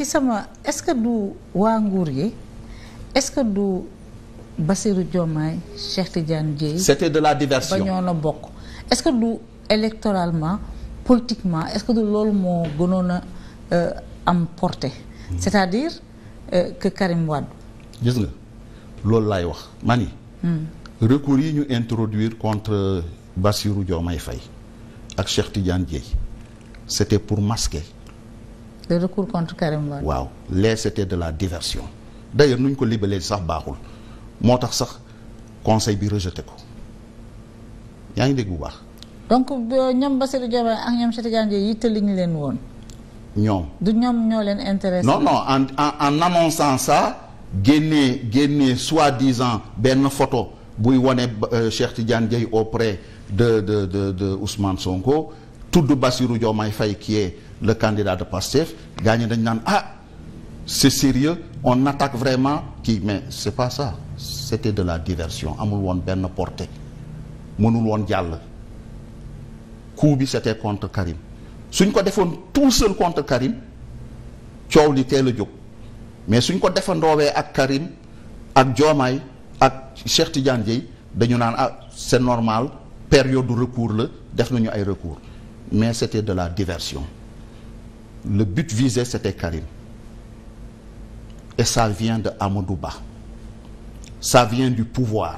ci sama est-ce que du waa nguur gi est-ce que du Bassirou Diomaye Cheikh Tidiane Dièye. c'était de la diversion ba ñoo na bokk est-ce que du électoralement politiquement est-ce que du loolu moo gënoon a euh, am portée. Hmm. c'est-à-dire euh, que Karim Wade. gis nga loolu laay wax ma ni. Hmm. recours yi ñu introduire contre Bassirou Diomaye fay ak Cheikh Tidiane Dièye c'était pour masquer. le recours contre Karim waaw les c'était de la diversion d'ailleurs nu ñu ko libalee sax baaxul moo tax sax conseil bi rejeté ko yaa ngi dégg bu baax. donc euh, ñoom Bassirou Diomaye ak ñoom Cheikh Tidiane Dièye yittali ñu leen woon. ñoom du ñoom ñoo leen intéressé. non non en en en annonçant ça génnee génnee soi-disant benn photo buy wane euh, Cheikh Tidiane Dièye auprès de de de de Ousmane Sonko. tudd Bassirou Diomaye Faye qui est le candidat de Pastef gaa ñi dañ naan ah c'est sérieux on attaque vraiment kii mais c'est pas ça c'était de la diversion amul woon benn portée mënul woon jàll coup bi c'était contre Karim suñ ko defoon tout seul contre Karim coow li teel a jóg mais suñ ko defandoowee ak Karim ak joomaay ak Cheikh Tidiane Dieye dañu naan ah c'est normal période de recours la def nañu ay recours mais c'était de la diversion le but visé c'était Karim et ça vient de Amadou Ba ça vient du pouvoir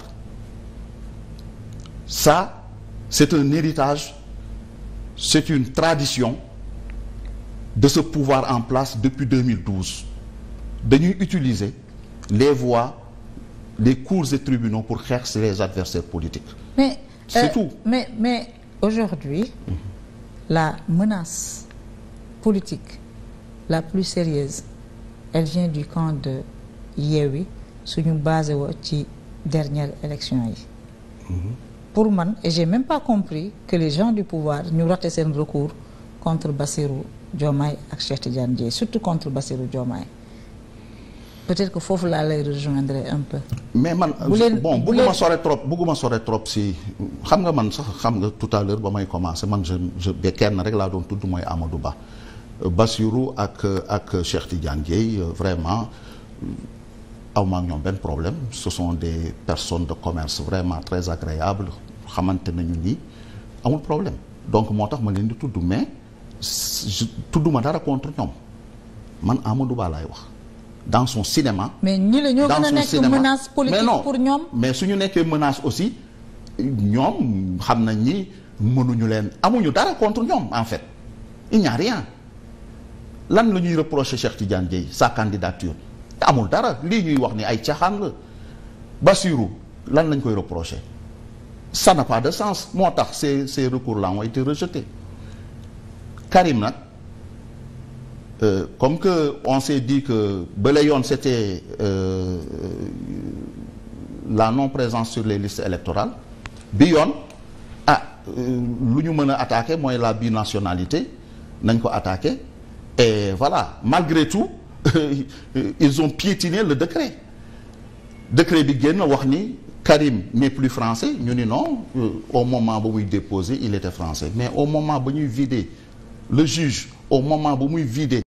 ça c'est un héritage c'est une tradition de ce pouvoir en place depuis 2012 dañuy utiliser les voies les cours et tribunaux pour xeex les adversaires politiques mais c'est euh, tout mais mais aujourd'hui mm-hmm. la menace politique la plus sérieuse elle vient du camp de Yewwi suñu basé wo ci dernière élection yi mhm. pour man et j'ai même pas compris que les gens du pouvoir ñu raté seen recours contre Bassirou Diomaye ak Cheikh Tidiane surtout contre Bassirou Diomaye peut-être que foofu laa lay rejoindre un peu. mais man bon bugguma sore trop bugguma sore trop si xam nga man sax xam nga tout à may commencer man je je kenn rek laa doon tudd mooy Amadou Ba. Bassirou ak ak Cheikh Tidiane Dièye vraiment awma ak ñoom benn problème ce sont des personnes de commerce vraiment très agréables xamante nañu ni amul problème donc moo tax ma leen di tudd mais ma dara contre ñoom man Amadou Ba laay wax. dans son cinéma. mais ñi la ñoo gën a nekk menace politique pour ñoom mais su ñu nekkee menace aussi ñoom xam nañ ni mënuñu leen amuñu dara contre ñoom en fait il n'y a rien lan la ñuy reprocher Cheikh Tidiane Dièye sa candidature amul dara lii ñuy wax ni ay caaxaan la Bassirou lan lañ koy reprocher ça n'a pas de sens moo tax ces ces recours là ont été rejetés Karim nag. Euh, comme que on s'est dit que bële yoon c'était euh, la non-présence sur les listes électorales bi yoon ah euh, lu ñu mën a attaquer mooy la binationalité nañ ko attaquer et voilà malgré tout ils ont piétiné le décret décret bi génn wax ni Karim n'est plus français ñu ni non euh, au moment ba muy déposer il était français mais au moment ba ñuy vider le juge au moment ba muy vider